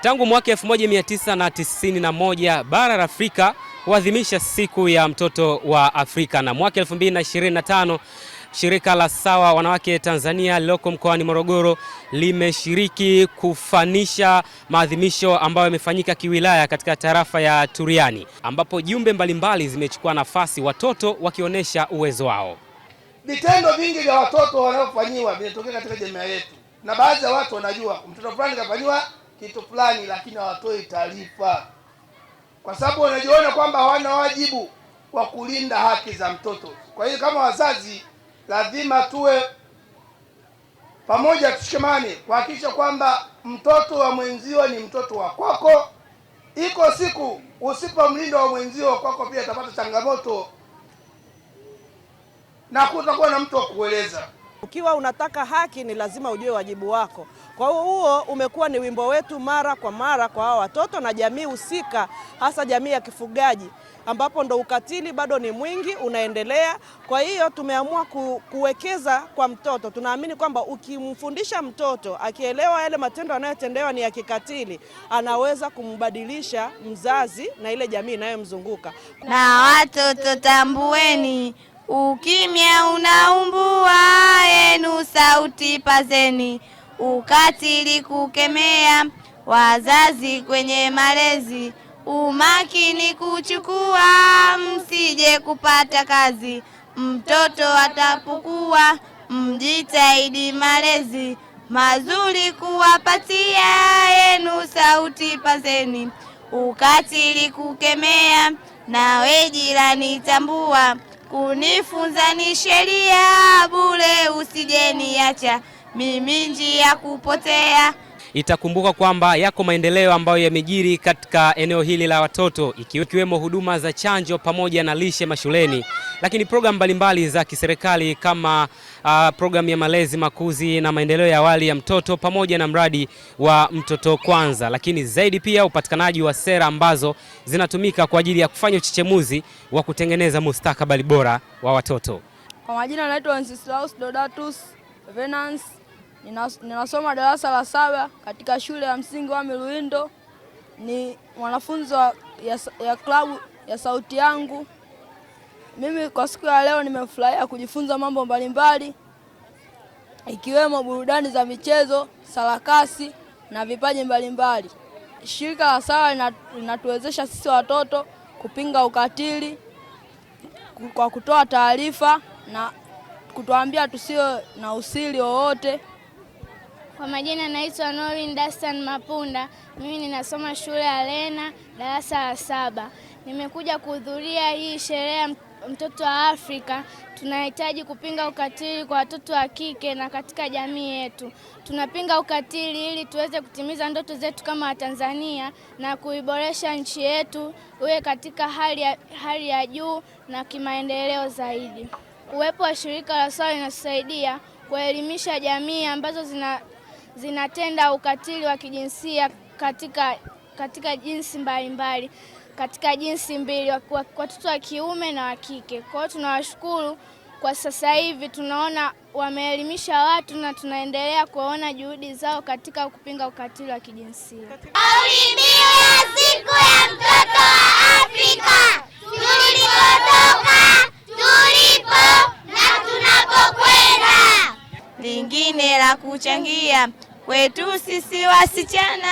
Tangu mwaka 1991 bara la Afrika huadhimisha siku ya mtoto wa Afrika na mwaka 2025 shirika la SAWA wanawake Tanzania lililoko mkoani Morogoro limeshiriki kufanisha maadhimisho ambayo yamefanyika kiwilaya katika tarafa ya Turiani ambapo jumbe mbalimbali zimechukua nafasi, watoto wakionyesha uwezo wao. Vitendo vingi vya watoto wanaofanyiwa vinatokea katika jamii yetu, na baadhi ya watu wanajua mtoto fulani kafanyiwa kitu fulani, lakini hawatoi taarifa kwa sababu wanajiona kwamba hawana wajibu wa kulinda haki za mtoto. Kwa hiyo kama wazazi lazima tuwe pamoja, tushikamane kuhakikisha kwamba mtoto wa mwenzio ni mtoto wa kwako. Iko siku usipomlinda wa mwenzio kwako pia atapata changamoto na kutakuwa na mtu wa kueleza. Ukiwa unataka haki ni lazima ujue wajibu wako. Kwa hiyo huo umekuwa ni wimbo wetu mara kwa mara kwa hawa watoto na jamii husika, hasa jamii ya kifugaji ambapo ndo ukatili bado ni mwingi unaendelea. Kwa hiyo tumeamua ku, kuwekeza kwa mtoto. Tunaamini kwamba ukimfundisha mtoto akielewa yale matendo anayotendewa ni ya kikatili, anaweza kumbadilisha mzazi na ile jamii inayomzunguka. Na watoto tambueni Ukimya unaumbua, yenu sauti pazeni, ukatili kukemea, wazazi kwenye malezi, umakini kuchukua, msije kupata kazi, mtoto atapukua, mjitahidi malezi mazuri kuwapatia, yenu sauti pazeni, ukatili kukemea, nawe jirani tambua kunifunza ni sheria, bure usijeniacha mimi njia kupotea itakumbuka kwamba yako maendeleo ambayo yamejiri katika eneo hili la watoto ikiwemo huduma za chanjo pamoja na lishe mashuleni, lakini programu mbalimbali za kiserikali kama uh, programu ya malezi, makuzi na maendeleo ya awali ya mtoto pamoja na mradi wa mtoto kwanza, lakini zaidi pia upatikanaji wa sera ambazo zinatumika kwa ajili ya kufanya uchechemuzi wa kutengeneza mustakabali bora wa watoto. Kwa majina anaitwa Wenceslaus Dodatus Venance ninasoma darasa la saba katika shule ya msingi wa Miluindo. Ni mwanafunzi ya, ya klabu ya sauti yangu. Mimi kwa siku ya leo nimefurahia kujifunza mambo mbalimbali ikiwemo burudani za michezo, sarakasi na vipaji mbalimbali. Shirika la SAWA linatuwezesha sisi watoto kupinga ukatili kwa kutoa taarifa na kutuambia tusio na usiri wowote. Kwa majina naitwa Norin Dastan Mapunda. Mimi ninasoma shule ya Lena darasa la saba. Nimekuja kuhudhuria hii sherehe ya mtoto wa Afrika. Tunahitaji kupinga ukatili kwa watoto wa kike na katika jamii yetu. Tunapinga ukatili ili tuweze kutimiza ndoto zetu kama Watanzania na kuiboresha nchi yetu uwe katika hali ya, hali ya juu na kimaendeleo zaidi. Uwepo wa shirika la SAWA linasaidia kuelimisha jamii ambazo zina zinatenda ukatili wa kijinsia katika, katika jinsi mbalimbali mbali, katika jinsi mbili, watoto wa kiume na wa kike. Kwa hiyo tunawashukuru kwa sasa hivi tunaona wameelimisha watu na tunaendelea kuwaona juhudi zao katika kupinga ukatili wa kijinsia. ya siku ya mtoto wa Afrika. lingine la kuchangia kwetu sisi wasichana,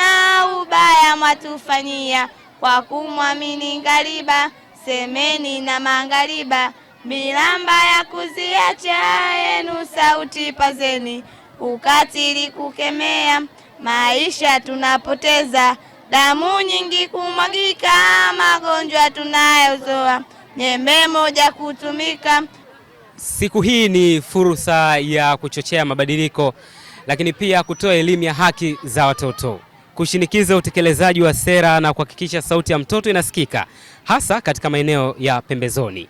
ubaya mwatufanyia kwa kumwamini ngariba, semeni na mangariba, milamba ya kuziacha yenu sauti pazeni, ukatili kukemea, maisha tunapoteza, damu nyingi kumwagika, magonjwa tunayozoa, nyembe moja kutumika Siku hii ni fursa ya kuchochea mabadiliko, lakini pia kutoa elimu ya haki za watoto, kushinikiza utekelezaji wa sera na kuhakikisha sauti ya mtoto inasikika hasa katika maeneo ya pembezoni.